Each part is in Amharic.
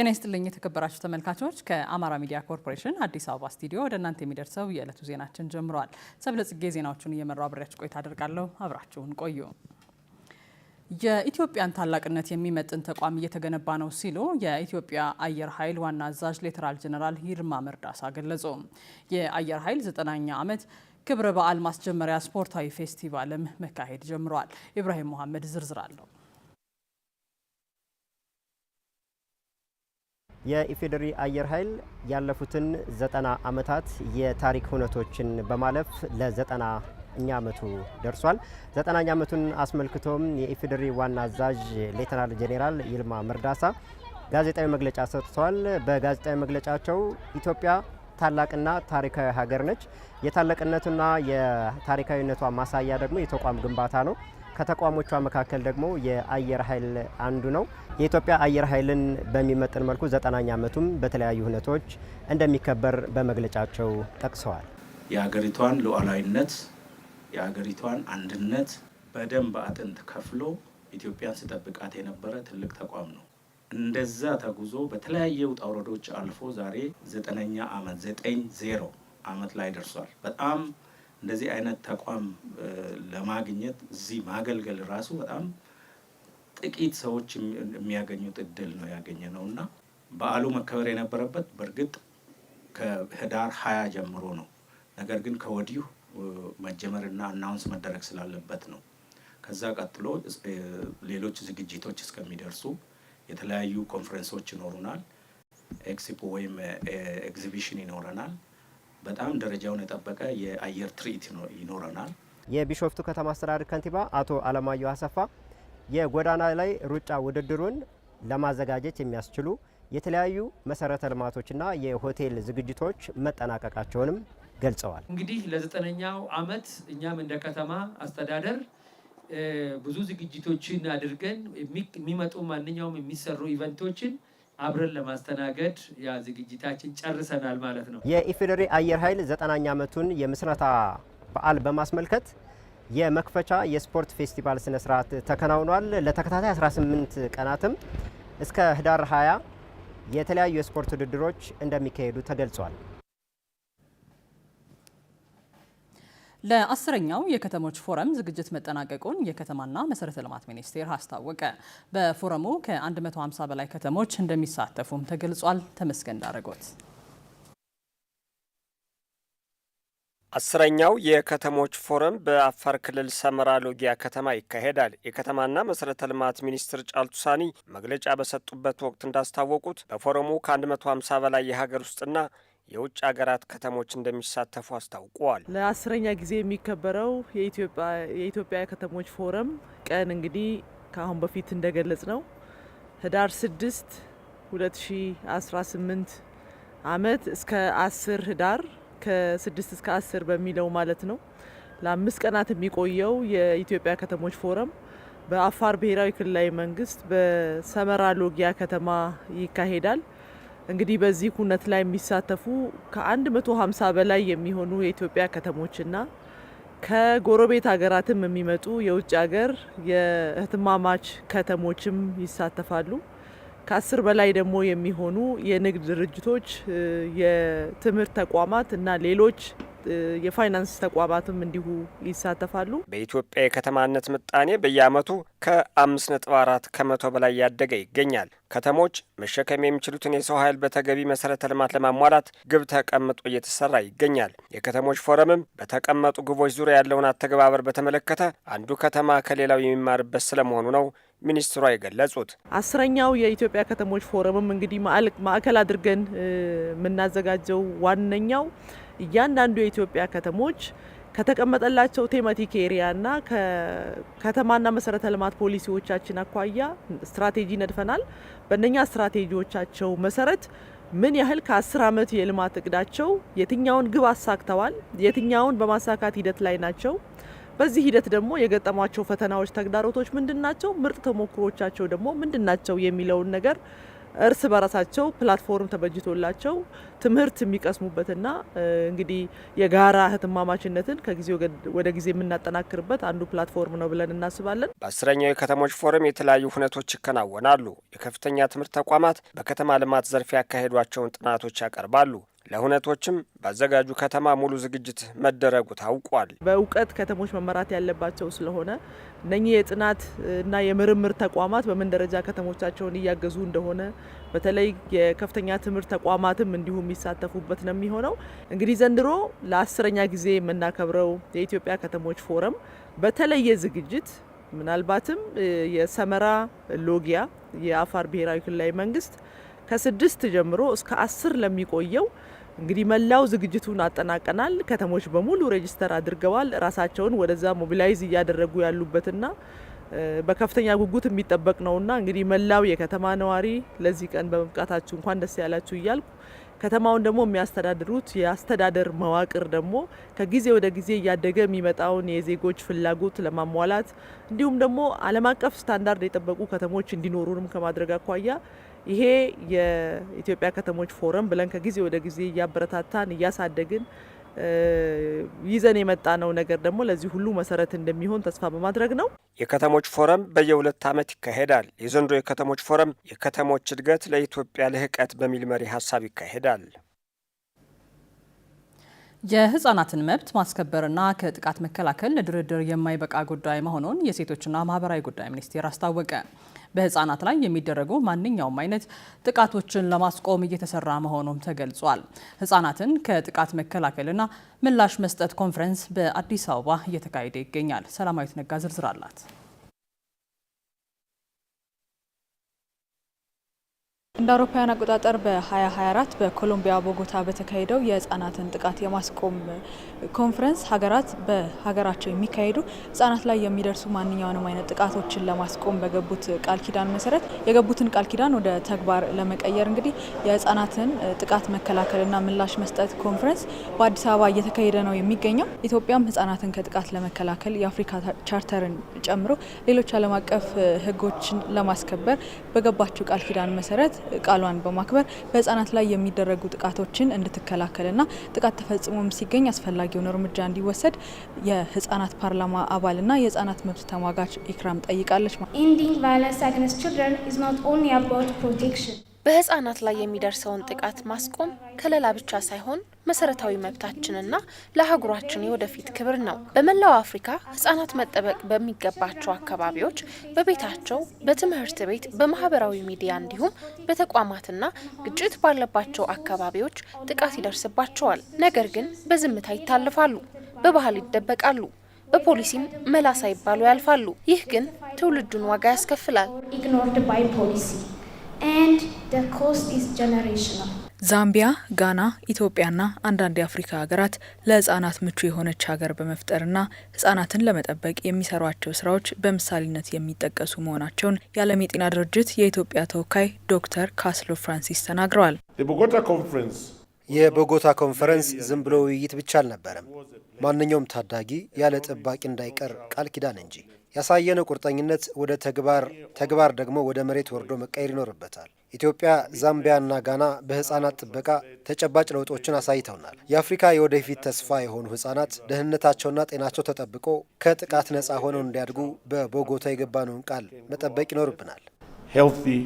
ጤና ይስጥልኝ የተከበራችሁ ተመልካቾች፣ ከአማራ ሚዲያ ኮርፖሬሽን አዲስ አበባ ስቱዲዮ ወደ እናንተ የሚደርሰው የዕለቱ ዜናችን ጀምረዋል። ሰብለጽጌ ዜናዎቹን እየመራው አብሬያችሁ ቆይታ አደርጋለሁ። አብራችሁን ቆዩ። የኢትዮጵያን ታላቅነት የሚመጥን ተቋም እየተገነባ ነው ሲሉ የኢትዮጵያ አየር ኃይል ዋና አዛዥ ሌተራል ጀነራል ይልማ መርዳሳ ገለጹ። የአየር ኃይል ዘጠናኛ ዓመት ክብረ በዓል ማስጀመሪያ ስፖርታዊ ፌስቲቫልም መካሄድ ጀምረዋል። ኢብራሂም መሐመድ ዝርዝር አለው። የኢፌዴሪ አየር ኃይል ያለፉትን ዘጠና ዓመታት የታሪክ ሁነቶችን በማለፍ ለዘጠና ኛ ዓመቱ ደርሷል። ዘጠናኛ ዓመቱን አስመልክቶም የኢፌዴሪ ዋና አዛዥ ሌተናል ጄኔራል ይልማ መርዳሳ ጋዜጣዊ መግለጫ ሰጥተዋል። በጋዜጣዊ መግለጫቸው ኢትዮጵያ ታላቅና ታሪካዊ ሀገር ነች። የታላቅነቱና የታሪካዊነቷ ማሳያ ደግሞ የተቋም ግንባታ ነው። ከተቋሞቿ መካከል ደግሞ የአየር ኃይል አንዱ ነው። የኢትዮጵያ አየር ኃይልን በሚመጥን መልኩ ዘጠናኛ ዓመቱም በተለያዩ ሁነቶች እንደሚከበር በመግለጫቸው ጠቅሰዋል። የሀገሪቷን ሉዓላዊነት፣ የሀገሪቷን አንድነት በደንብ አጥንት ከፍሎ ኢትዮጵያን ስጠብቃት የነበረ ትልቅ ተቋም ነው። እንደዛ ተጉዞ በተለያየ ውጣ ውረዶች አልፎ ዛሬ ዘጠነኛ ዓመት ዘጠኝ ዜሮ ዓመት ላይ ደርሷል። በጣም እንደዚህ አይነት ተቋም ለማግኘት እዚህ ማገልገል ራሱ በጣም ጥቂት ሰዎች የሚያገኙት እድል ነው ያገኘ ነው እና በዓሉ መከበር የነበረበት በእርግጥ ከህዳር ሀያ ጀምሮ ነው። ነገር ግን ከወዲሁ መጀመርና አናውንስ መደረግ ስላለበት ነው። ከዛ ቀጥሎ ሌሎች ዝግጅቶች እስከሚደርሱ የተለያዩ ኮንፈረንሶች ይኖሩናል። ኤክስፖ ወይም ኤግዚቢሽን ይኖረናል። በጣም ደረጃውን የጠበቀ የአየር ትርኢት ይኖረናል። የቢሾፍቱ ከተማ አስተዳደር ከንቲባ አቶ አለማየሁ አሰፋ የጎዳና ላይ ሩጫ ውድድሩን ለማዘጋጀት የሚያስችሉ የተለያዩ መሰረተ ልማቶችና የሆቴል ዝግጅቶች መጠናቀቃቸውንም ገልጸዋል። እንግዲህ ለዘጠነኛው ዓመት እኛም እንደ ከተማ አስተዳደር ብዙ ዝግጅቶችን አድርገን የሚመጡ ማንኛውም የሚሰሩ ኢቨንቶችን አብረን ለማስተናገድ ያ ዝግጅታችን ጨርሰናል ማለት ነው። የኢፌዴሪ አየር ኃይል ዘጠናኛ ዓመቱን የምስረታ በዓል በማስመልከት የመክፈቻ የስፖርት ፌስቲቫል ስነ ስርዓት ተከናውኗል። ለተከታታይ 18 ቀናትም እስከ ህዳር 20 የተለያዩ የስፖርት ውድድሮች እንደሚካሄዱ ተገልጿል። ለአስረኛው የከተሞች ፎረም ዝግጅት መጠናቀቁን የከተማና መሰረተ ልማት ሚኒስቴር አስታወቀ። በፎረሙ ከ150 በላይ ከተሞች እንደሚሳተፉም ተገልጿል። ተመስገን ዳረጎት አስረኛው የከተሞች ፎረም በአፋር ክልል ሰመራ ሎጊያ ከተማ ይካሄዳል። የከተማና መሰረተ ልማት ሚኒስትር ጫልቱ ሳኒ መግለጫ በሰጡበት ወቅት እንዳስታወቁት በፎረሙ ከ150 በላይ የሀገር ውስጥና የውጭ ሀገራት ከተሞች እንደሚሳተፉ አስታውቀዋል። ለአስረኛ ጊዜ የሚከበረው የኢትዮጵያ ከተሞች ፎረም ቀን እንግዲህ ከአሁን በፊት እንደገለጽ ነው ህዳር 6 2018 አመት እስከ 10 ህዳር ከ6 እስከ 10 በሚለው ማለት ነው ለአምስት ቀናት የሚቆየው የኢትዮጵያ ከተሞች ፎረም በአፋር ብሔራዊ ክልላዊ መንግስት በሰመራ ሎጊያ ከተማ ይካሄዳል። እንግዲህ በዚህ ኩነት ላይ የሚሳተፉ ከ150 በላይ የሚሆኑ የኢትዮጵያ ከተሞችና ከጎረቤት ሀገራትም የሚመጡ የውጭ ሀገር የህትማማች ከተሞችም ይሳተፋሉ። ከአስር በላይ ደግሞ የሚሆኑ የንግድ ድርጅቶች፣ የትምህርት ተቋማት እና ሌሎች የፋይናንስ ተቋማትም እንዲሁ ይሳተፋሉ። በኢትዮጵያ የከተማነት ምጣኔ በየአመቱ ከ ነጥብ አራት ከመቶ በላይ ያደገ ይገኛል። ከተሞች መሸከም የሚችሉትን የሰው ኃይል በተገቢ መሰረተ ልማት ለማሟላት ግብ ተቀምጦ እየተሰራ ይገኛል። የከተሞች ፎረምም በተቀመጡ ግቦች ዙሪያ ያለውን አተገባበር በተመለከተ አንዱ ከተማ ከሌላው የሚማርበት ስለመሆኑ ነው ሚኒስትሯ የገለጹት። አስረኛው የኢትዮጵያ ከተሞች ፎረምም እንግዲህ ማዕከል አድርገን የምናዘጋጀው ዋነኛው እያንዳንዱ የኢትዮጵያ ከተሞች ከተቀመጠላቸው ቴማቲክ ኤሪያና ከከተማና መሰረተ ልማት ፖሊሲዎቻችን አኳያ ስትራቴጂ ነድፈናል። በእነኛ ስትራቴጂዎቻቸው መሰረት ምን ያህል ከአስር ዓመት የልማት እቅዳቸው የትኛውን ግብ አሳክተዋል፣ የትኛውን በማሳካት ሂደት ላይ ናቸው፣ በዚህ ሂደት ደግሞ የገጠሟቸው ፈተናዎች፣ ተግዳሮቶች ምንድን ናቸው፣ ምርጥ ተሞክሮቻቸው ደግሞ ምንድን ናቸው የሚለውን ነገር እርስ በራሳቸው ፕላትፎርም ተበጅቶላቸው ትምህርት የሚቀስሙበትና እንግዲህ የጋራ ህትማማችነትን ከጊዜ ወደ ጊዜ የምናጠናክርበት አንዱ ፕላትፎርም ነው ብለን እናስባለን። በአስረኛው የከተሞች ፎረም የተለያዩ ሁነቶች ይከናወናሉ። የከፍተኛ ትምህርት ተቋማት በከተማ ልማት ዘርፍ ያካሄዷቸውን ጥናቶች ያቀርባሉ። ለሁነቶችም ባዘጋጁ ከተማ ሙሉ ዝግጅት መደረጉ ታውቋል። በእውቀት ከተሞች መመራት ያለባቸው ስለሆነ እነኚህ የጥናት እና የምርምር ተቋማት በምን ደረጃ ከተሞቻቸውን እያገዙ እንደሆነ በተለይ የከፍተኛ ትምህርት ተቋማትም እንዲሁ የሚሳተፉበት ነው የሚሆነው። እንግዲህ ዘንድሮ ለአስረኛ ጊዜ የምናከብረው የኢትዮጵያ ከተሞች ፎረም በተለየ ዝግጅት ምናልባትም የሰመራ ሎጊያ የአፋር ብሔራዊ ክልላዊ መንግስት ከስድስት ጀምሮ እስከ አስር ለሚቆየው እንግዲህ መላው ዝግጅቱን አጠናቀናል። ከተሞች በሙሉ ሬጅስተር አድርገዋል። ራሳቸውን ወደዛ ሞቢላይዝ እያደረጉ ያሉበትና በከፍተኛ ጉጉት የሚጠበቅ ነውና እንግዲህ መላው የከተማ ነዋሪ ለዚህ ቀን በመብቃታችሁ እንኳን ደስ ያላችሁ እያልኩ ከተማውን ደግሞ የሚያስተዳድሩት የአስተዳደር መዋቅር ደግሞ ከጊዜ ወደ ጊዜ እያደገ የሚመጣውን የዜጎች ፍላጎት ለማሟላት እንዲሁም ደግሞ ዓለም አቀፍ ስታንዳርድ የጠበቁ ከተሞች እንዲኖሩንም ከማድረግ አኳያ ይሄ የኢትዮጵያ ከተሞች ፎረም ብለን ከጊዜ ወደ ጊዜ እያበረታታን እያሳደግን ይዘን የመጣነው ነገር ደግሞ ለዚህ ሁሉ መሰረት እንደሚሆን ተስፋ በማድረግ ነው። የከተሞች ፎረም በየሁለት ዓመት ይካሄዳል። የዘንድሮ የከተሞች ፎረም የከተሞች እድገት ለኢትዮጵያ ልህቀት በሚል መሪ ሀሳብ ይካሄዳል። የህጻናትን መብት ማስከበርና ከጥቃት መከላከል ለድርድር የማይበቃ ጉዳይ መሆኑን የሴቶችና ማህበራዊ ጉዳይ ሚኒስቴር አስታወቀ። በህጻናት ላይ የሚደረጉ ማንኛውም አይነት ጥቃቶችን ለማስቆም እየተሰራ መሆኑም ተገልጿል። ህጻናትን ከጥቃት መከላከልና ምላሽ መስጠት ኮንፈረንስ በአዲስ አበባ እየተካሄደ ይገኛል። ሰላማዊት ነጋ ዝርዝር አላት። እንደ አውሮፓውያን አቆጣጠር በ2024 በኮሎምቢያ ቦጎታ በተካሄደው የህጻናትን ጥቃት የማስቆም ኮንፈረንስ ሀገራት በሀገራቸው የሚካሄዱ ህጻናት ላይ የሚደርሱ ማንኛውንም አይነት ጥቃቶችን ለማስቆም በገቡት ቃል ኪዳን መሰረት የገቡትን ቃል ኪዳን ወደ ተግባር ለመቀየር እንግዲህ የህጻናትን ጥቃት መከላከልና ምላሽ መስጠት ኮንፈረንስ በአዲስ አበባ እየተካሄደ ነው የሚገኘው። ኢትዮጵያም ህጻናትን ከጥቃት ለመከላከል የአፍሪካ ቻርተርን ጨምሮ ሌሎች ዓለም አቀፍ ህጎችን ለማስከበር በገባቸው ቃል ኪዳን መሰረት ቃሏን በማክበር በህጻናት ላይ የሚደረጉ ጥቃቶችን እንድትከላከልና ጥቃት ተፈጽሞም ሲገኝ አስፈላጊውን እርምጃ እንዲወሰድ የህጻናት ፓርላማ አባልና የህጻናት መብት ተሟጋች ኢክራም ጠይቃለች። ኢንዲንግ ቫይለንስ አገንስት ችልድረን ኢዝ ኖት ኦንሊ አባውት ፕሮቴክሽን በህፃናት ላይ የሚደርሰውን ጥቃት ማስቆም ከለላ ብቻ ሳይሆን መሰረታዊ መብታችንና ለአህጉራችን የወደፊት ክብር ነው። በመላው አፍሪካ ህጻናት መጠበቅ በሚገባቸው አካባቢዎች በቤታቸው፣ በትምህርት ቤት፣ በማህበራዊ ሚዲያ እንዲሁም በተቋማትና ግጭት ባለባቸው አካባቢዎች ጥቃት ይደርስባቸዋል። ነገር ግን በዝምታ ይታለፋሉ፣ በባህል ይደበቃሉ፣ በፖሊሲም መላ ሳይባሉ ያልፋሉ። ይህ ግን ትውልዱን ዋጋ ያስከፍላል። ኢግኖርድ ባይ ፖሊሲ and the cost is generational. ዛምቢያ፣ ጋና፣ ኢትዮጵያና አንዳንድ የአፍሪካ ሀገራት ለህጻናት ምቹ የሆነች ሀገር በመፍጠርና ህጻናትን ለመጠበቅ የሚሰሯቸው ስራዎች በምሳሌነት የሚጠቀሱ መሆናቸውን የዓለም የጤና ድርጅት የኢትዮጵያ ተወካይ ዶክተር ካስሎ ፍራንሲስ ተናግረዋል። የቦጎታ ኮንፈረንስ ዝም ብሎ ውይይት ብቻ አልነበረም። ማንኛውም ታዳጊ ያለ ጠባቂ እንዳይቀር ቃል ኪዳን እንጂ ያሳየነው ቁርጠኝነት ወደ ተግባር ተግባር ደግሞ ወደ መሬት ወርዶ መቀየር ይኖርበታል። ኢትዮጵያ፣ ዛምቢያና ጋና በህፃናት ጥበቃ ተጨባጭ ለውጦችን አሳይተውናል። የአፍሪካ የወደፊት ተስፋ የሆኑ ህጻናት ደህንነታቸውና ጤናቸው ተጠብቆ ከጥቃት ነፃ ሆነው እንዲያድጉ በቦጎታ የገባነውን ቃል መጠበቅ ይኖርብናል። healthy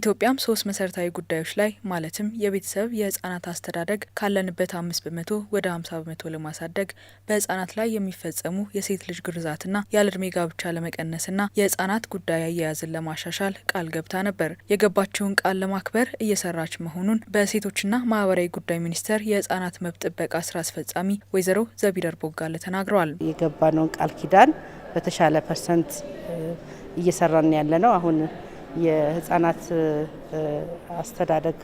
ኢትዮጵያም ሶስት መሰረታዊ ጉዳዮች ላይ ማለትም የቤተሰብ የህጻናት አስተዳደግ ካለንበት አምስት በመቶ ወደ ሀምሳ በመቶ ለማሳደግ በህጻናት ላይ የሚፈጸሙ የሴት ልጅ ግርዛትና ያለእድሜ ጋብቻ ለመቀነስና የህጻናት ጉዳይ አያያዝን ለማሻሻል ቃል ገብታ ነበር። የገባችውን ቃል ለማክበር እየሰራች መሆኑን በሴቶችና ማህበራዊ ጉዳይ ሚኒስቴር የህጻናት መብት ጥበቃ ስራ አስፈጻሚ ወይዘሮ ዘቢደር ቦጋለ ተናግረዋል። የገባነውን ቃል ኪዳን በተሻለ ፐርሰንት እየሰራን ያለ ነው። አሁን የህጻናት አስተዳደግ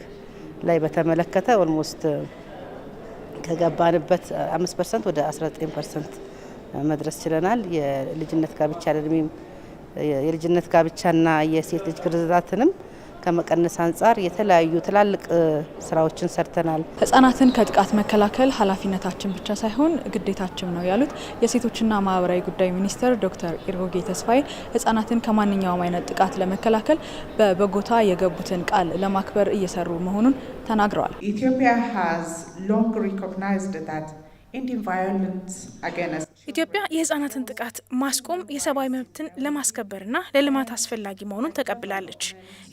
ላይ በተመለከተ ኦልሞስት ከገባንበት አምስት ፐርሰንት ወደ 19 ፐርሰንት መድረስ ችለናል። የልጅነት ጋብቻ እድሜም የልጅነት ጋብቻና የሴት ልጅ ግርዛትንም ከመቀነስ አንጻር የተለያዩ ትላልቅ ስራዎችን ሰርተናል። ህጻናትን ከጥቃት መከላከል ኃላፊነታችን ብቻ ሳይሆን ግዴታችን ነው ያሉት የሴቶችና ማህበራዊ ጉዳይ ሚኒስትር ዶክተር ኢርጎጌ ተስፋዬ ህጻናትን ከማንኛውም አይነት ጥቃት ለመከላከል በበጎታ የገቡትን ቃል ለማክበር እየሰሩ መሆኑን ተናግረዋል። ኢትዮጵያ ሃዝ ሎንግ ሪኮግናይዝድ ዳት ኢንዲን ቫዮለንስ ኢትዮጵያ የህጻናትን ጥቃት ማስቆም የሰብአዊ መብትን ለማስከበርና ለልማት አስፈላጊ መሆኑን ተቀብላለች።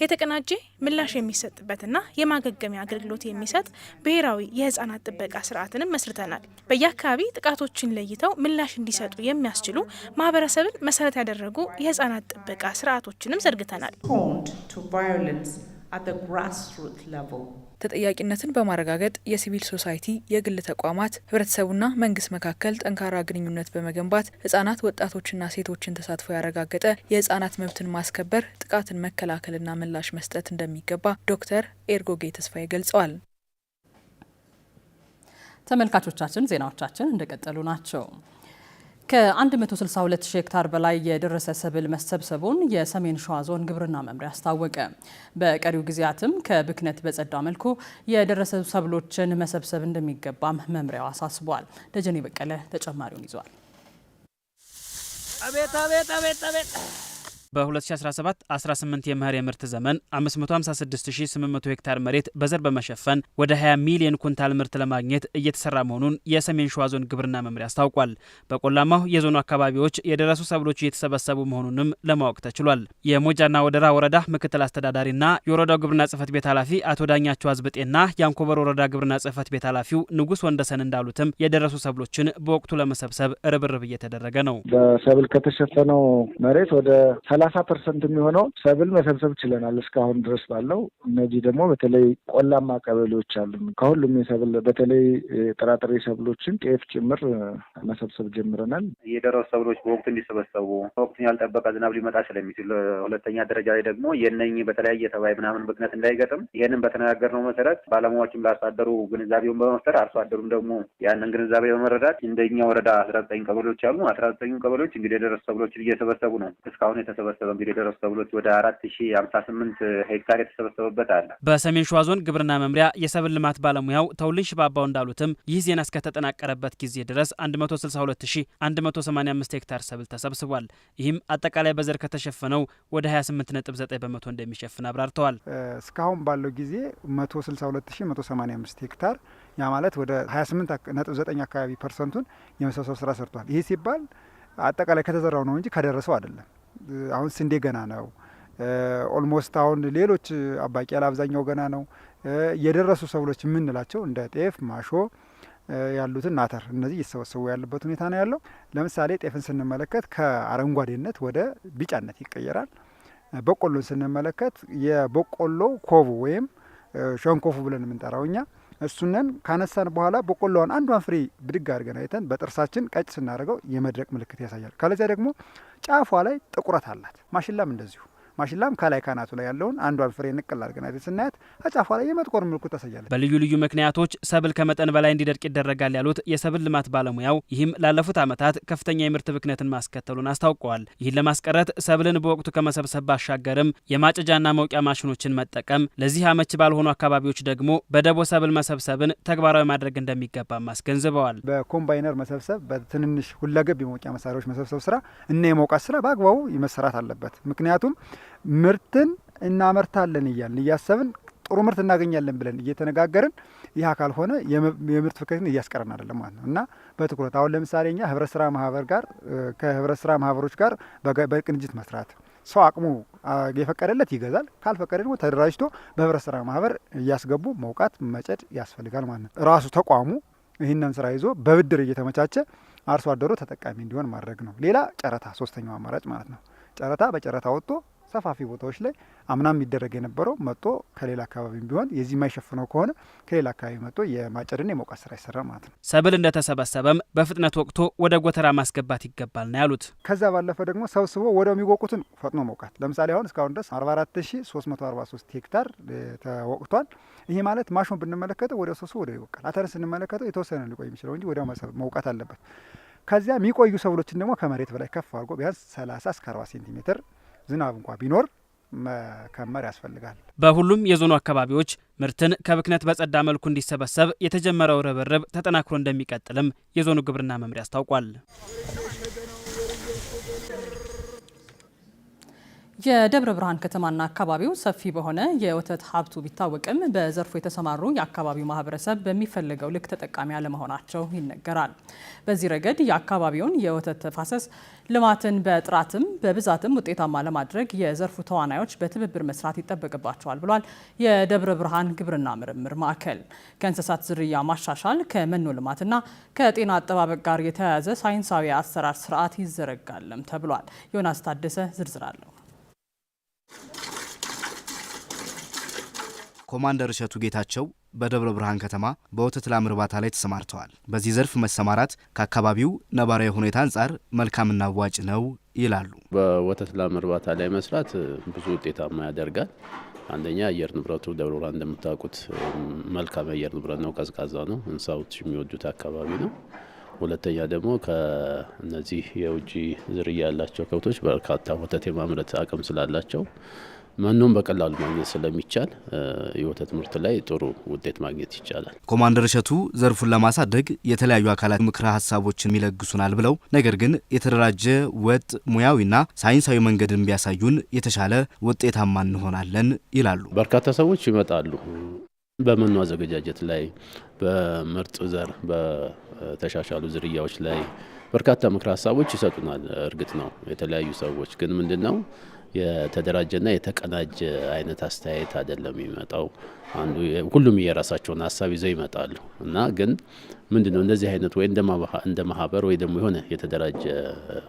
የተቀናጀ ምላሽ የሚሰጥበትና የማገገሚያ አገልግሎት የሚሰጥ ብሔራዊ የህጻናት ጥበቃ ስርዓትንም መስርተናል። በየአካባቢ ጥቃቶችን ለይተው ምላሽ እንዲሰጡ የሚያስችሉ ማህበረሰብን መሰረት ያደረጉ የህጻናት ጥበቃ ስርዓቶችንም ዘርግተናል። ተጠያቂነትን በማረጋገጥ የሲቪል ሶሳይቲ፣ የግል ተቋማት፣ ህብረተሰቡና መንግስት መካከል ጠንካራ ግንኙነት በመገንባት ህጻናት ወጣቶችና ሴቶችን ተሳትፎ ያረጋገጠ የህጻናት መብትን ማስከበር፣ ጥቃትን መከላከልና ምላሽ መስጠት እንደሚገባ ዶክተር ኤርጎጌ ተስፋዬ ገልጸዋል። ተመልካቾቻችን ዜናዎቻችን እንደቀጠሉ ናቸው። ከ162 ሺህ ሄክታር በላይ የደረሰ ሰብል መሰብሰቡን የሰሜን ሸዋ ዞን ግብርና መምሪያ አስታወቀ። በቀሪው ጊዜያትም ከብክነት በጸዳ መልኩ የደረሰ ሰብሎችን መሰብሰብ እንደሚገባም መምሪያው አሳስቧል። ደጀኔ በቀለ ተጨማሪውን ይዟል። አቤት አቤት አቤት አቤት በ2017 18 የመኸር የምርት ዘመን 556800 ሄክታር መሬት በዘር በመሸፈን ወደ 20 ሚሊዮን ኩንታል ምርት ለማግኘት እየተሰራ መሆኑን የሰሜን ሸዋ ዞን ግብርና መምሪያ አስታውቋል። በቆላማው የዞኑ አካባቢዎች የደረሱ ሰብሎች እየተሰበሰቡ መሆኑንም ለማወቅ ተችሏል። የሞጃና ወደራ ወረዳ ምክትል አስተዳዳሪና የወረዳው ግብርና ጽህፈት ቤት ኃላፊ አቶ ዳኛቸው አዝብጤና የአንኮበር ወረዳ ግብርና ጽህፈት ቤት ኃላፊው ንጉስ ወንደሰን እንዳሉትም የደረሱ ሰብሎችን በወቅቱ ለመሰብሰብ ርብርብ እየተደረገ ነው። በሰብል ከተሸፈነው መሬት ወደ ሰላሳ ፐርሰንት የሚሆነው ሰብል መሰብሰብ ችለናል እስካሁን ድረስ ባለው። እነዚህ ደግሞ በተለይ ቆላማ ቀበሌዎች አሉ። ከሁሉም የሰብል በተለይ የጥራጥሬ ሰብሎችን ጤፍ ጭምር መሰብሰብ ጀምረናል። የደረሱ ሰብሎች በወቅቱ እንዲሰበሰቡ ወቅቱን ያልጠበቀ ዝናብ ሊመጣ ስለሚችል፣ ሁለተኛ ደረጃ ላይ ደግሞ የነኝ በተለያየ ተባይ ምናምን ምክንያት እንዳይገጥም ይህንን በተነጋገርነው መሰረት ባለሙያዎችም ለአርሶ አደሩ ግንዛቤውን በመፍጠር አርሶ ደግሞ ያንን ግንዛቤ በመረዳት እንደኛ ወረዳ አስራ ዘጠኝ ቀበሌዎች አሉ። አስራ ዘጠኙ ቀበሌዎች እንግዲህ የደረሱ ሰብሎችን እየሰበሰቡ ነው እስካሁን የተሰበ የተሰበሰበ እንግዲህ ደረሱ ተብሎ ወደ አራት ሺ ሀምሳ ስምንት ሄክታር የተሰበሰበበት አለ። በሰሜን ሸዋ ዞን ግብርና መምሪያ የሰብል ልማት ባለሙያው ተውልኝ ሽባባው እንዳሉትም ይህ ዜና እስከተጠናቀረበት ጊዜ ድረስ አንድ መቶ ስልሳ ሁለት ሺ አንድ መቶ ሰማኒያ አምስት ሄክታር ሰብል ተሰብስቧል። ይህም አጠቃላይ በዘር ከተሸፈነው ወደ ሀያ ስምንት ነጥብ ዘጠኝ በመቶ እንደሚሸፍን አብራርተዋል። እስካሁን ባለው ጊዜ መቶ ስልሳ ሁለት ሺ መቶ ሰማኒያ አምስት ሄክታር ያ ማለት ወደ 28.9 አካባቢ ፐርሰንቱን የመሰብሰብ ስራ ሰርቷል። ይህ ሲባል አጠቃላይ ከተዘራው ነው እንጂ ከደረሰው አይደለም። አሁን ስንዴ ገና ነው። ኦልሞስት አሁን ሌሎች አባቂያል አብዛኛው ገና ነው። የደረሱ ሰብሎች የምንላቸው እንደ ጤፍ፣ ማሾ ያሉትን ናተር እነዚህ እየተሰበሰቡ ያለበት ሁኔታ ነው ያለው። ለምሳሌ ጤፍን ስንመለከት ከአረንጓዴነት ወደ ቢጫነት ይቀየራል። በቆሎን ስንመለከት የበቆሎ ኮቡ ወይም ሸንኮፉ ብለን የምንጠራው እኛ እሱነን ካነሳን በኋላ በቆሎዋን አንዷን ፍሬ ብድግ አድርገን አይተን በጥርሳችን ቀጭ ስናደርገው የመድረቅ ምልክት ያሳያል። ካለዚያ ደግሞ ጫፏ ላይ ጥቁረት አላት። ማሽላም እንደዚሁ ማሽላም ከላይ ካናቱ ላይ ያለውን አንዷን ፍሬ ንቅል አድርገናት ስናያት አጫፏ ላይ የመጥቆር ምልክት ታሳያለች። በልዩ ልዩ ምክንያቶች ሰብል ከመጠን በላይ እንዲደርቅ ይደረጋል ያሉት የሰብል ልማት ባለሙያው ይህም ላለፉት ዓመታት ከፍተኛ የምርት ብክነትን ማስከተሉን አስታውቀዋል። ይህን ለማስቀረት ሰብልን በወቅቱ ከመሰብሰብ ባሻገርም የማጨጃና መውቂያ ማሽኖችን መጠቀም፣ ለዚህ አመች ባልሆኑ አካባቢዎች ደግሞ በደቦ ሰብል መሰብሰብን ተግባራዊ ማድረግ እንደሚገባም አስገንዝበዋል። በኮምባይነር መሰብሰብ፣ በትንንሽ ሁለገብ የመውቂያ መሳሪያዎች መሰብሰብ ስራ እና የመውቃት ስራ በአግባቡ መሰራት አለበት ምክንያቱም ምርትን እናመርታለን እያልን እያሰብን ጥሩ ምርት እናገኛለን ብለን እየተነጋገርን ይህ ካልሆነ የምርት ፍክትን እያስቀረን አይደለም ማለት ነው እና በትኩረት አሁን ለምሳሌ እኛ ህብረት ስራ ማህበር ጋር ከህብረት ስራ ማህበሮች ጋር በቅንጅት መስራት ሰው አቅሙ የፈቀደለት ይገዛል፣ ካልፈቀደ ደግሞ ተደራጅቶ በህብረት ስራ ማህበር እያስገቡ መውቃት መጨድ ያስፈልጋል ማለት ነው። ራሱ ተቋሙ ይህንን ስራ ይዞ በብድር እየተመቻቸ አርሶ አደሩ ተጠቃሚ እንዲሆን ማድረግ ነው። ሌላ ጨረታ፣ ሶስተኛው አማራጭ ማለት ነው። ጨረታ በጨረታ ወጥቶ ሰፋፊ ቦታዎች ላይ አምና የሚደረግ የነበረው መጥቶ ከሌላ አካባቢ ቢሆን የዚህ የማይሸፍነው ከሆነ ከሌላ አካባቢ መጥቶ የማጨድና የመውቃት ስራ ይሰራል ማለት ነው። ሰብል እንደተሰበሰበም በፍጥነት ወቅቶ ወደ ጎተራ ማስገባት ይገባል ነው ያሉት። ከዛ ባለፈ ደግሞ ሰብስቦ ወደው የሚወቁትን ፈጥኖ መውቃት። ለምሳሌ አሁን እስካሁን ድረስ 44343 ሄክታር ተወቅቷል። ይሄ ማለት ማሾን ብንመለከተው ወደ ሶሱ ወደ ይወቃል። አተርን ስንመለከተው የተወሰነ ሊቆይ የሚችለው እንጂ ወደ መውቃት አለበት። ከዚያ የሚቆዩ ሰብሎችን ደግሞ ከመሬት በላይ ከፍ አድርጎ ቢያንስ 30 እስከ 40 ሴንቲሜትር ዝናብ እንኳ ቢኖር መከመር ያስፈልጋል። በሁሉም የዞኑ አካባቢዎች ምርትን ከብክነት በጸዳ መልኩ እንዲሰበሰብ የተጀመረው ርብርብ ተጠናክሮ እንደሚቀጥልም የዞኑ ግብርና መምሪያ አስታውቋል። የደብረ ብርሃን ከተማና አካባቢው ሰፊ በሆነ የወተት ሀብቱ ቢታወቅም በዘርፉ የተሰማሩ የአካባቢው ማህበረሰብ በሚፈለገው ልክ ተጠቃሚ አለመሆናቸው ይነገራል። በዚህ ረገድ የአካባቢውን የወተት ተፋሰስ ልማትን በጥራትም በብዛትም ውጤታማ ለማድረግ የዘርፉ ተዋናዮች በትብብር መስራት ይጠበቅባቸዋል ብሏል የደብረ ብርሃን ግብርና ምርምር ማዕከል። ከእንስሳት ዝርያ ማሻሻል ከመኖ ልማትና ከጤና አጠባበቅ ጋር የተያያዘ ሳይንሳዊ አሰራር ስርዓት ይዘረጋልም ተብሏል። ዮናስ ታደሰ ዝርዝር አለው። ኮማንደር እሸቱ ጌታቸው በደብረ ብርሃን ከተማ በወተት ላም እርባታ ላይ ተሰማርተዋል። በዚህ ዘርፍ መሰማራት ከአካባቢው ነባራዊ ሁኔታ አንጻር መልካምና አዋጭ ነው ይላሉ። በወተት ላም እርባታ ላይ መስራት ብዙ ውጤታማ ያደርጋል። አንደኛ አየር ንብረቱ ደብረ ብርሃን እንደምታውቁት መልካም አየር ንብረት ነው፣ ቀዝቃዛ ነው፣ እንስሳዎች የሚወዱት አካባቢ ነው። ሁለተኛ ደግሞ ከእነዚህ የውጭ ዝርያ ያላቸው ከብቶች በርካታ ወተት የማምረት አቅም ስላላቸው መኖም በቀላሉ ማግኘት ስለሚቻል የወተት ምርት ላይ ጥሩ ውጤት ማግኘት ይቻላል። ኮማንደር እሸቱ ዘርፉን ለማሳደግ የተለያዩ አካላት ምክረ ሀሳቦችን ይለግሱናል ብለው፣ ነገር ግን የተደራጀ ወጥ ሙያዊና ሳይንሳዊ መንገድን ቢያሳዩን የተሻለ ውጤታማ እንሆናለን ይላሉ። በርካታ ሰዎች ይመጣሉ። በመኖ አዘገጃጀት ላይ፣ በምርጥ ዘር፣ በተሻሻሉ ዝርያዎች ላይ በርካታ ምክረ ሀሳቦች ይሰጡናል። እርግጥ ነው የተለያዩ ሰዎች ግን ምንድን ነው የተደራጀና የተቀናጀ አይነት አስተያየት አይደለም የሚመጣው። አንዱ ሁሉም የራሳቸውን ሀሳብ ይዘው ይመጣሉ እና ግን ምንድን ነው እንደዚህ አይነት ወይ እንደ ማህበር ወይ ደግሞ የሆነ የተደራጀ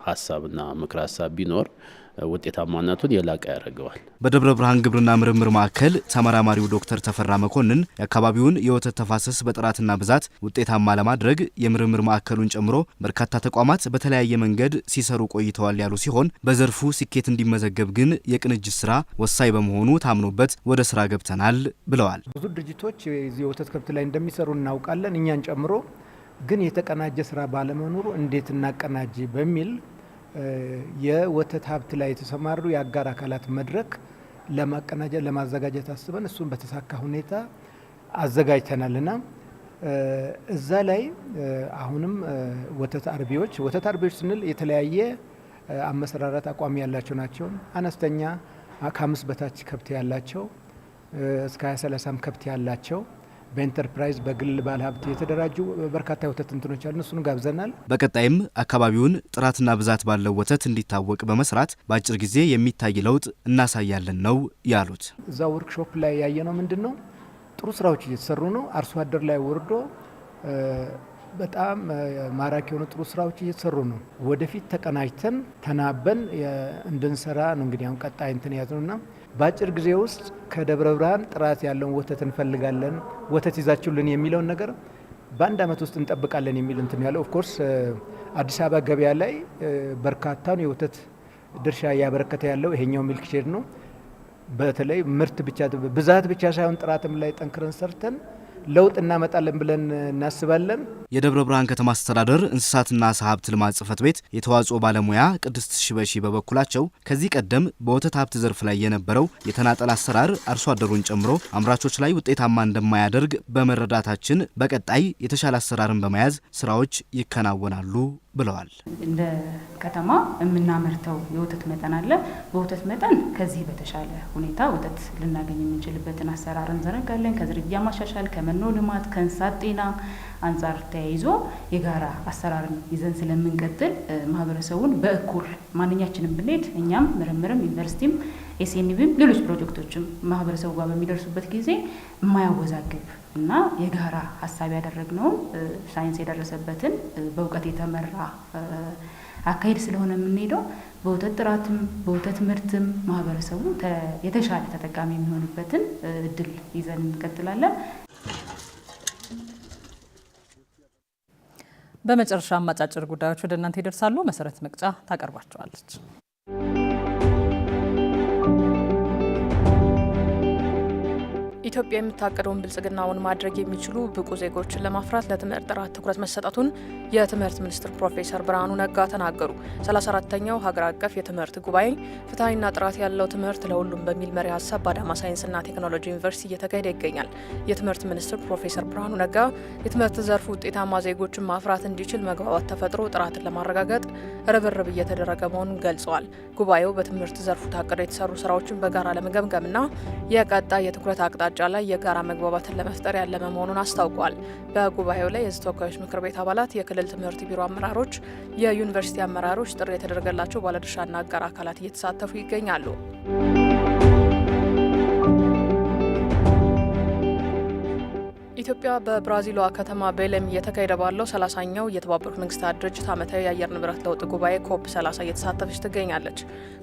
ሀሳብና ምክር ሀሳብ ቢኖር ውጤታማነቱን የላቀ ያደርገዋል። በደብረ ብርሃን ግብርና ምርምር ማዕከል ተመራማሪው ዶክተር ተፈራ መኮንን የአካባቢውን የወተት ተፋሰስ በጥራትና ብዛት ውጤታማ ለማድረግ የምርምር ማዕከሉን ጨምሮ በርካታ ተቋማት በተለያየ መንገድ ሲሰሩ ቆይተዋል ያሉ ሲሆን በዘርፉ ስኬት እንዲመዘገብ ግን የቅንጅት ስራ ወሳኝ በመሆኑ ታምኖበት ወደ ስራ ገብተናል ብለዋል። ብዙ ድርጅቶች የዚህ የወተት ከብት ላይ እንደሚሰሩ እናውቃለን እኛን ጨምሮ ግን የተቀናጀ ስራ ባለመኖሩ እንዴት እናቀናጅ በሚል የወተት ሀብት ላይ የተሰማሩ የአጋር አካላት መድረክ ለማቀናጀት ለማዘጋጀት አስበን እሱን በተሳካ ሁኔታ አዘጋጅተናልና እዛ ላይ አሁንም ወተት አርቢዎች ወተት አርቢዎች ስንል የተለያየ አመሰራረት አቋም ያላቸው ናቸው። አነስተኛ ከአምስት በታች ከብት ያላቸው እስከ 20 30 ከብት ያላቸው በኢንተርፕራይዝ በግል ባለሀብት የተደራጁ በርካታ የወተት እንትኖች አሉ። እሱን ጋብዘናል። በቀጣይም አካባቢውን ጥራትና ብዛት ባለው ወተት እንዲታወቅ በመስራት በአጭር ጊዜ የሚታይ ለውጥ እናሳያለን ነው ያሉት። እዛ ወርክሾፕ ላይ ያየነው ምንድን ነው? ጥሩ ስራዎች እየተሰሩ ነው። አርሶ አደር ላይ ወርዶ በጣም ማራኪ የሆኑ ጥሩ ስራዎች እየተሰሩ ነው። ወደፊት ተቀናጅተን ተናበን እንድንሰራ ነው እንግዲህ አሁን ቀጣይ እንትን ያዝ ና በአጭር ጊዜ ውስጥ ከደብረ ብርሃን ጥራት ያለውን ወተት እንፈልጋለን፣ ወተት ይዛችሁልን የሚለውን ነገር በአንድ አመት ውስጥ እንጠብቃለን የሚል እንትን ያለው ኦፍኮርስ uh, አዲስ አበባ ገበያ ላይ uh, በርካታውን የወተት ድርሻ እያበረከተ ያለው ይሄኛው ሚልክ ሼድ ነው። በተለይ ምርት ብቻ ብዛት ብቻ ሳይሆን ጥራትም ላይ ጠንክረን ሰርተን ለውጥ እናመጣለን ብለን እናስባለን። የደብረ ብርሃን ከተማ አስተዳደር እንስሳትና ዓሳ ሀብት ልማት ጽሕፈት ቤት የተዋጽኦ ባለሙያ ቅድስት ሽበሺ በበኩላቸው ከዚህ ቀደም በወተት ሀብት ዘርፍ ላይ የነበረው የተናጠል አሰራር አርሶ አደሩን ጨምሮ አምራቾች ላይ ውጤታማ እንደማያደርግ በመረዳታችን በቀጣይ የተሻለ አሰራርን በመያዝ ስራዎች ይከናወናሉ ብለዋል። እንደ ከተማ የምናመርተው የወተት መጠን አለ። በወተት መጠን ከዚህ በተሻለ ሁኔታ ወተት ልናገኝ የምንችልበትን አሰራር እንዘረጋለን። ከዝርያ ማሻሻል፣ ከመኖ ልማት፣ ከእንስሳት ጤና አንጻር ተያይዞ የጋራ አሰራርን ይዘን ስለምንቀጥል ማህበረሰቡን በእኩል ማንኛችንም ብንሄድ እኛም ምርምርም ዩኒቨርሲቲም ኤስኤንቢም ሌሎች ፕሮጀክቶችም ማህበረሰቡ ጋር በሚደርሱበት ጊዜ የማያወዛግብ እና የጋራ ሀሳብ ነው ሳይንስ የደረሰበትን በእውቀት የተመራ አካሄድ ስለሆነ የምንሄደው በወተት ጥራትም በወተት ምርትም ማህበረሰቡ የተሻለ ተጠቃሚ የሚሆንበትን እድል ይዘን እንቀጥላለን። በመጨረሻም አጫጭር ጉዳዮች ወደ እናንተ ይደርሳሉ። መሰረት መቅጫ ታቀርባቸዋለች። ኢትዮጵያ የምታቀደውን ብልጽግናውን ማድረግ የሚችሉ ብቁ ዜጎችን ለማፍራት ለትምህርት ጥራት ትኩረት መሰጠቱን የትምህርት ሚኒስትር ፕሮፌሰር ብርሃኑ ነጋ ተናገሩ። 34ተኛው ሀገር አቀፍ የትምህርት ጉባኤ ፍትሐዊና ጥራት ያለው ትምህርት ለሁሉም በሚል መሪ ሀሳብ በአዳማ ሳይንስና ቴክኖሎጂ ዩኒቨርሲቲ እየተካሄደ ይገኛል። የትምህርት ሚኒስትር ፕሮፌሰር ብርሃኑ ነጋ የትምህርት ዘርፉ ውጤታማ ዜጎችን ማፍራት እንዲችል መግባባት ተፈጥሮ ጥራትን ለማረጋገጥ ርብርብ እየተደረገ መሆኑን ገልጸዋል። ጉባኤው በትምህርት ዘርፉ ታቅደው የተሰሩ ስራዎችን በጋራ ለመገምገምና የቀጣይ የትኩረት አቅጣጫ ምርጫ ላይ የጋራ መግባባትን ለመፍጠር ያለመ መሆኑን አስታውቋል። በጉባኤው ላይ የሕዝብ ተወካዮች ምክር ቤት አባላት፣ የክልል ትምህርት ቢሮ አመራሮች፣ የዩኒቨርሲቲ አመራሮች፣ ጥሪ የተደረገላቸው ባለድርሻና አጋር አካላት እየተሳተፉ ይገኛሉ። ኢትዮጵያ በብራዚሏ ከተማ ቤሌም እየተካሄደ ባለው ሰላሳኛው የተባበሩት መንግስታት ድርጅት ዓመታዊ የአየር ንብረት ለውጥ ጉባኤ ኮፕ 30 እየተሳተፈች ትገኛለች።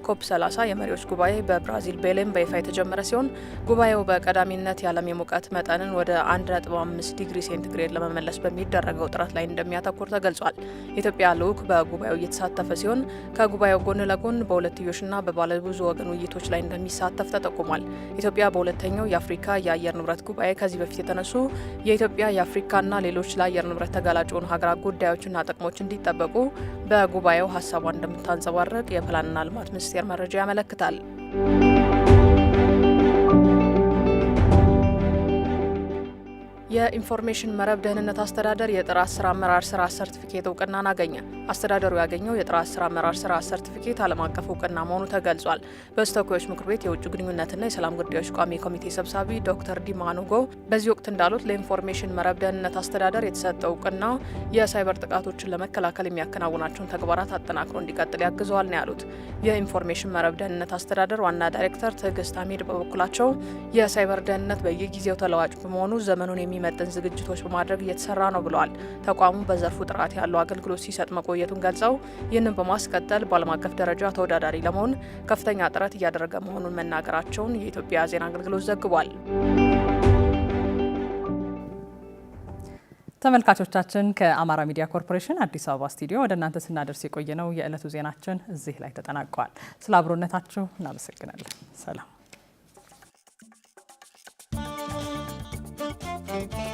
ኮፕ 30 የመሪዎች ጉባኤ በብራዚል ቤሌም በይፋ የተጀመረ ሲሆን ጉባኤው በቀዳሚነት የዓለም የሙቀት መጠንን ወደ 1.5 ዲግሪ ሴንቲግሬድ ለመመለስ በሚደረገው ጥረት ላይ እንደሚያተኩር ተገልጿል። ኢትዮጵያ ልዑክ በጉባኤው እየተሳተፈ ሲሆን ከጉባኤው ጎን ለጎን በሁለትዮሽና በባለብዙ ወገን ውይይቶች ላይ እንደሚሳተፍ ተጠቁሟል። ኢትዮጵያ በሁለተኛው የአፍሪካ የአየር ንብረት ጉባኤ ከዚህ በፊት የተነሱ የኢትዮጵያ የአፍሪካና ሌሎች ለአየር ንብረት ተጋላጭ የሆኑ ሀገራት ጉዳዮችና ጥቅሞች እንዲጠበቁ በጉባኤው ሀሳቧን እንደምታንጸባረቅ የፕላንና ልማት ሚኒስቴር መረጃ ያመለክታል። የኢንፎርሜሽን መረብ ደህንነት አስተዳደር የጥራት ስራ አመራር ስራ ሰርቲፊኬት እውቅናን አገኘ። አስተዳደሩ ያገኘው የጥራት ስራ አመራር ስራ ሰርቲፊኬት ዓለም አቀፍ እውቅና መሆኑ ተገልጿል። በተወካዮች ምክር ቤት የውጭ ግንኙነትና የሰላም ጉዳዮች ቋሚ ኮሚቴ ሰብሳቢ ዶክተር ዲማኑጎ በዚህ ወቅት እንዳሉት ለኢንፎርሜሽን መረብ ደህንነት አስተዳደር የተሰጠ እውቅና የሳይበር ጥቃቶችን ለመከላከል የሚያከናውናቸውን ተግባራት አጠናክሮ እንዲቀጥል ያግዘዋል ነው ያሉት። የኢንፎርሜሽን መረብ ደህንነት አስተዳደር ዋና ዳይሬክተር ትዕግስት አሚድ በበኩላቸው የሳይበር ደህንነት በየጊዜው ተለዋጭ በመሆኑ ዘመኑን የሚ የሚመጥን ዝግጅቶች በማድረግ እየተሰራ ነው ብለዋል። ተቋሙ በዘርፉ ጥራት ያለው አገልግሎት ሲሰጥ መቆየቱን ገልጸው ይህንን በማስቀጠል በዓለም አቀፍ ደረጃ ተወዳዳሪ ለመሆን ከፍተኛ ጥረት እያደረገ መሆኑን መናገራቸውን የኢትዮጵያ ዜና አገልግሎት ዘግቧል። ተመልካቾቻችን ከአማራ ሚዲያ ኮርፖሬሽን አዲስ አበባ ስቱዲዮ ወደ እናንተ ስናደርስ የቆየነው የዕለቱ ዜናችን እዚህ ላይ ተጠናቋል። ስለ አብሮነታችሁ እናመሰግናለን። ሰላም Bye.